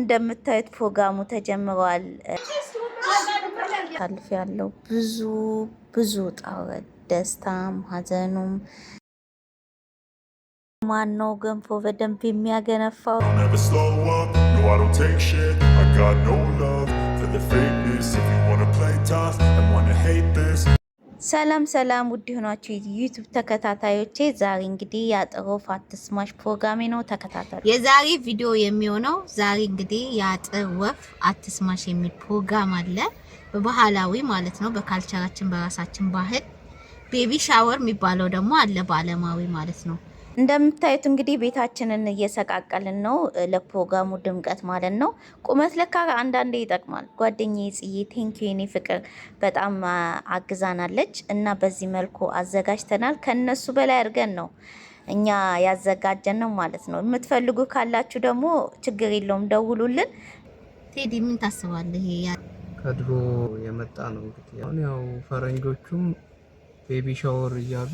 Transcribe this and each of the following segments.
እንደምታዩት ፕሮግራሙ ተጀምረዋል። ታልፍ ያለው ብዙ ብዙ ጣውረድ ደስታም ሀዘኑም ማን ነው ገንፎ በደንብ የሚያገነፋው? ሰላም ሰላም ውድ የሆናችሁ ዩቱብ ተከታታዮቼ ዛሬ እንግዲህ ወፍ አትስማሽ ፕሮግራሜ ነው። ተከታታዩ የዛሬ ቪዲዮ የሚሆነው ዛሬ እንግዲህ የአጥር ወፍ አትስማሽ የሚል ፕሮግራም አለ። በባህላዊ ማለት ነው፣ በካልቸራችን በራሳችን ባህል ቤቢ ሻወር የሚባለው ደግሞ አለ በአለማዊ ማለት ነው። እንደምታዩት እንግዲህ ቤታችንን እየሰቃቀልን ነው፣ ለፕሮግራሙ ድምቀት ማለት ነው። ቁመት ለካ አንዳንዴ ይጠቅማል። ጓደኛዬ ጽዬ ቴንኪ የኔ ፍቅር በጣም አግዛናለች እና በዚህ መልኩ አዘጋጅተናል። ከነሱ በላይ አድርገን ነው እኛ ያዘጋጀን ነው ማለት ነው። የምትፈልጉ ካላችሁ ደግሞ ችግር የለውም ደውሉልን። ቴዲ ምን ታስባለህ? ከድሮ የመጣ ነው እንግዲህ ያው ፈረንጆቹም ቤቢ ሻወር እያሉ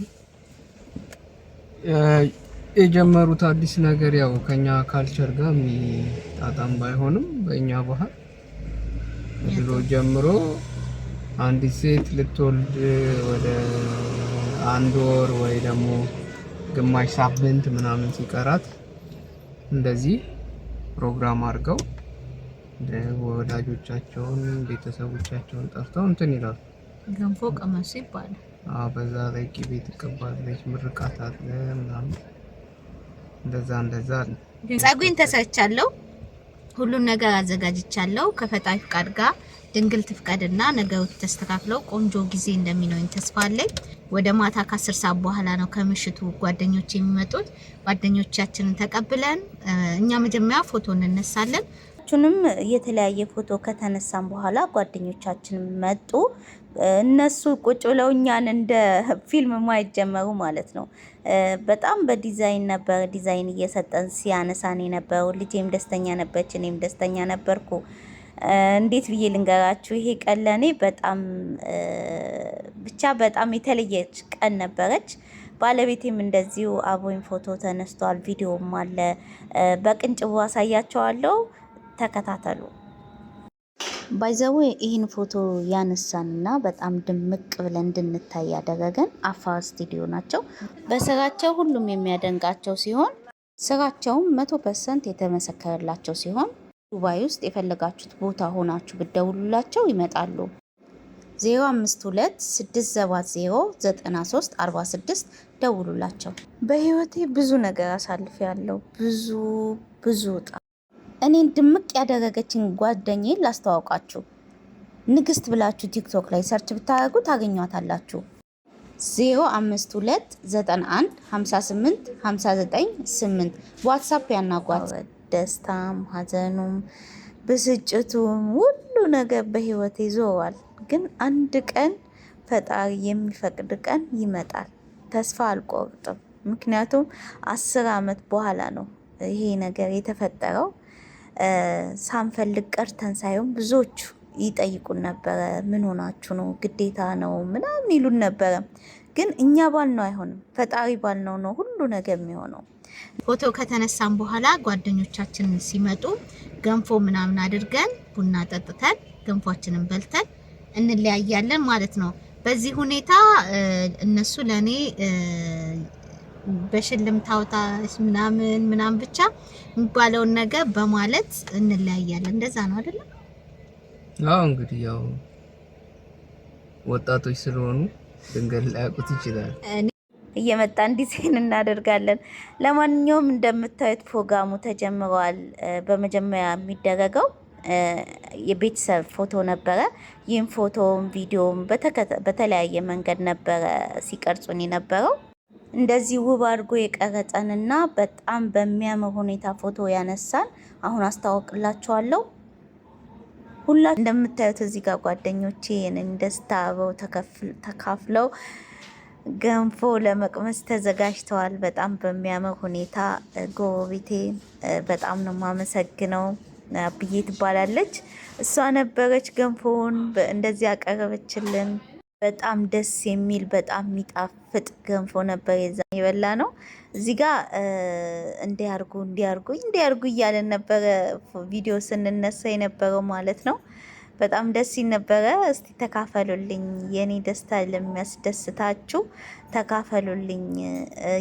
የጀመሩት አዲስ ነገር ያው ከኛ ካልቸር ጋር የሚጣጣም ባይሆንም በእኛ ባህል ድሮ ጀምሮ አንዲት ሴት ልትወልድ ወደ አንድ ወር ወይ ደግሞ ግማሽ ሳምንት ምናምን ሲቀራት እንደዚህ ፕሮግራም አድርገው ወዳጆቻቸውን ቤተሰቦቻቸውን ጠርተው እንትን ይላሉ። ገንፎ ቅመሱ ይባላል። በዛ ላይ ቅቤ ትቀባለች፣ ምርቃት አለ ምናምን እንደዛ እንደዛ አለ። ጸጉኝ ተሰርቻለሁ፣ ሁሉን ነገር አዘጋጅቻለሁ። ከፈጣሪ ፍቃድ ጋር ድንግል ትፍቀድና ነገሮች ተስተካክለው ቆንጆ ጊዜ እንደሚኖረኝ ተስፋ አለኝ። ወደ ማታ ከአስር ሰዓት በኋላ ነው ከምሽቱ ጓደኞች የሚመጡት። ጓደኞቻችንን ተቀብለን እኛ መጀመሪያ ፎቶ እንነሳለን። ሁላችንም የተለያየ ፎቶ ከተነሳን በኋላ ጓደኞቻችን መጡ። እነሱ ቁጭ ብለው እኛን እንደ ፊልም ማየት ጀመሩ ማለት ነው። በጣም በዲዛይን ነበር፣ ዲዛይን እየሰጠን ሲያነሳን የነበረው ልጄም ደስተኛ ነበች፣ እኔም ደስተኛ ነበርኩ። እንዴት ብዬ ልንገራችሁ? ይሄ ቀን ለእኔ በጣም ብቻ በጣም የተለየች ቀን ነበረች። ባለቤቴም እንደዚሁ አቦኝ ፎቶ ተነስቷል፣ ቪዲዮም አለ። በቅንጭቡ አሳያቸዋለሁ። ተከታተሉ። ባይዘዌ ይህን ፎቶ ያነሳንና በጣም ድምቅ ብለን እንድንታይ ያደረገን አፋ ስቱዲዮ ናቸው። በስራቸው ሁሉም የሚያደንቃቸው ሲሆን ስራቸውም መቶ ፐርሰንት የተመሰከረላቸው ሲሆን ዱባይ ውስጥ የፈለጋችሁት ቦታ ሆናችሁ ብደውሉላቸው ይመጣሉ። 0526709346 ደውሉላቸው። በህይወቴ ብዙ ነገር ያለው ብዙ ብዙ ጣ እኔን ድምቅ ያደረገችን ጓደኛዬን ላስተዋውቃችሁ። ንግስት ብላችሁ ቲክቶክ ላይ ሰርች ብታደርጉ ታገኟታላችሁ። 0529158598 ዋትሳፕ ያናጓት። ደስታም ሀዘኑም ብስጭቱም ሁሉ ነገር በህይወት ይዞዋል። ግን አንድ ቀን ፈጣሪ የሚፈቅድ ቀን ይመጣል። ተስፋ አልቆርጥም። ምክንያቱም አስር አመት በኋላ ነው ይሄ ነገር የተፈጠረው። ሳንፈልግ ቀርተን ሳይሆን ብዙዎቹ ይጠይቁን ነበረ። ምን ሆናችሁ ነው? ግዴታ ነው ምናምን ይሉን ነበረ። ግን እኛ ባልነው አይሆንም፣ ፈጣሪ ባልነው ነው ሁሉ ነገር የሚሆነው። ፎቶ ከተነሳም በኋላ ጓደኞቻችን ሲመጡ ገንፎ ምናምን አድርገን ቡና ጠጥተን ገንፏችንን በልተን እንለያያለን ማለት ነው። በዚህ ሁኔታ እነሱ ለእኔ በሽልምታውታ ምናምን ምናምን ብቻ የሚባለውን ነገር በማለት እንለያያለን። እንደዛ ነው አይደለም? አዎ እንግዲህ ያው ወጣቶች ስለሆኑ ድንገት ላያውቁት ይችላል። እየመጣ እንዲዜን እናደርጋለን። ለማንኛውም እንደምታዩት ፕሮግራሙ ተጀምረዋል። በመጀመሪያ የሚደረገው የቤተሰብ ፎቶ ነበረ። ይህም ፎቶውም ቪዲዮም በተለያየ መንገድ ነበረ ሲቀርጹን የነበረው እንደዚህ ውብ አድርጎ የቀረጸንና በጣም በሚያምር ሁኔታ ፎቶ ያነሳን አሁን አስታወቅላችኋለሁ። ሁላ እንደምታዩት እዚህ ጋር ጓደኞቼ ይህንን ደስታ አብረው ተካፍለው ገንፎ ለመቅመስ ተዘጋጅተዋል። በጣም በሚያምር ሁኔታ ጎረቤቴ በጣም ነው የማመሰግነው። አብዬ ትባላለች። እሷ ነበረች ገንፎውን እንደዚህ ያቀረበችልን። በጣም ደስ የሚል በጣም የሚጣፍጥ ገንፎ ነበር የዛ የበላ ነው። እዚህ ጋ እንዲያርጉ እንዲያርጉ እንዲያርጉ እያለን ነበረ ቪዲዮ ስንነሳ የነበረው ማለት ነው። በጣም ደስ ይል ነበረ። እስቲ ተካፈሉልኝ፣ የእኔ ደስታ ለሚያስደስታችሁ ተካፈሉልኝ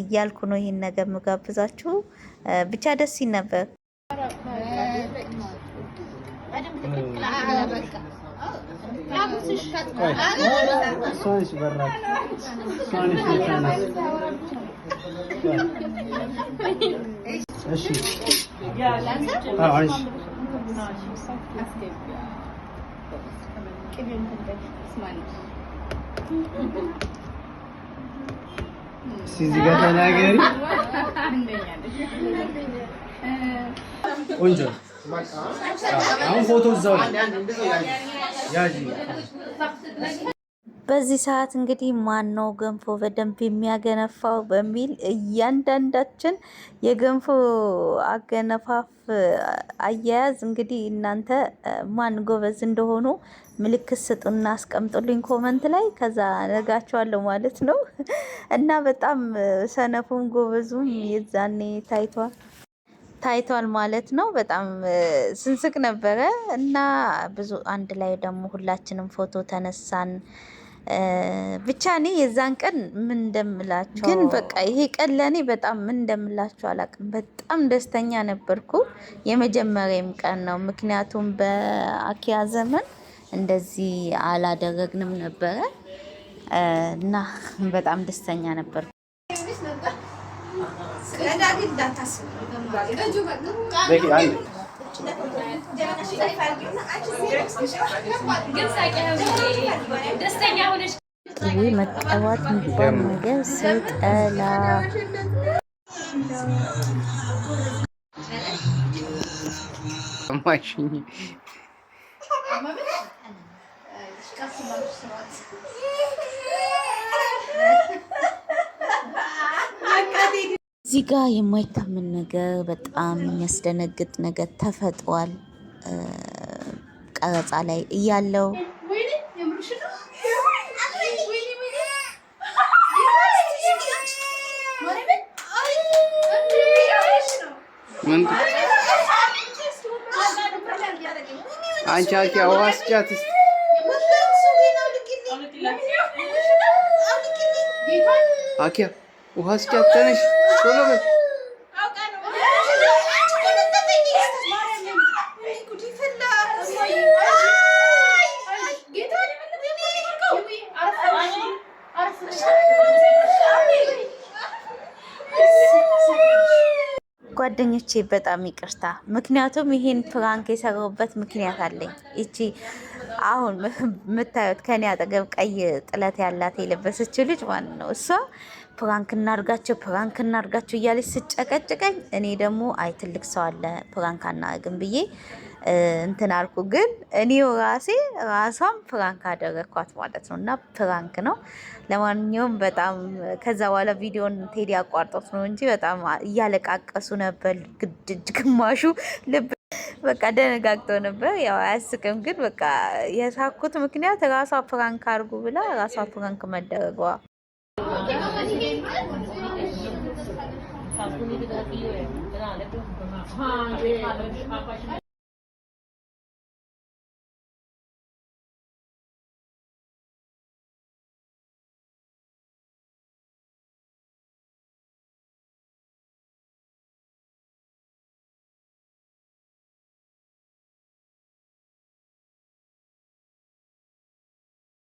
እያልኩ ነው ይህን ነገር ምጋብዛችሁ። ብቻ ደስ ይል ነበር። እዚህ ጋር ተናገሪ። ቆንጆ አሁን ፎቶ እዛው በዚህ ሰዓት እንግዲህ ማን ነው ገንፎ በደንብ የሚያገነፋው በሚል እያንዳንዳችን የገንፎ አገነፋፍ አያያዝ እንግዲህ እናንተ ማን ጎበዝ እንደሆኑ ምልክት ስጡና አስቀምጡልኝ ኮመንት ላይ ከዛ ነጋቸዋለሁ ማለት ነው። እና በጣም ሰነፉም ጎበዙም የዛኔ ታይቷል። ታይቷል ማለት ነው። በጣም ስንስቅ ነበረ እና ብዙ አንድ ላይ ደግሞ ሁላችንም ፎቶ ተነሳን። ብቻ እኔ የዛን ቀን ምን እንደምላቸው ግን በቃ ይሄ ቀን ለእኔ በጣም ምን እንደምላቸው አላውቅም። በጣም ደስተኛ ነበርኩ። የመጀመሪያም ቀን ነው፣ ምክንያቱም በአኪያ ዘመን እንደዚህ አላደረግንም ነበረ እና በጣም ደስተኛ ነበርኩ። ይህ መቀባት የሚባል ነገር ስጠላ ማሽኝ እዚህ ጋር የማይታመን ነገር በጣም የሚያስደነግጥ ነገር ተፈጥሯል። ቀረጻ ላይ እያለው አንቺ አኪ አዋስጫት አኪያ ውሃ እስኪያጠንሽ ቶሎ በይ። ጓደኞቼ በጣም ይቅርታ። ምክንያቱም ይሄን ፕራንክ የሰራሁበት ምክንያት አለኝ። ይቺ አሁን የምታዩት ከኔ አጠገብ ቀይ ጥለት ያላት የለበሰችው ልጅ ማን ነው እሷ ፕራንክ እናርጋቸው ፕራንክ እናርጋቸው እያለች ስጨቀጭቀኝ፣ እኔ ደግሞ አይ ትልቅ ሰው አለ ፕራንክ አናርግም ብዬ እንትን አልኩ። ግን እኔው ራሴ ራሷም ፕራንክ አደረግኳት ማለት ነው። እና ፕራንክ ነው። ለማንኛውም በጣም ከዛ በኋላ ቪዲዮን ቴዲ አቋርጦት ነው እንጂ በጣም እያለቃቀሱ ነበር። ግድጅ ግማሹ ልብ በቃ ደነጋግጠው ነበር። ያው አያስቅም፣ ግን በቃ የሳኩት ምክንያት ራሷ ፕራንክ አርጉ ብላ ራሷ ፕራንክ መደረጓ ਸਾਸੂ ਨੂੰ ਵੀ ਦੱਸੀ ਹੋਇਆ ਬਣਾ ਲੈ ਤੂੰ ਹਾਂ ਆਪਾਂ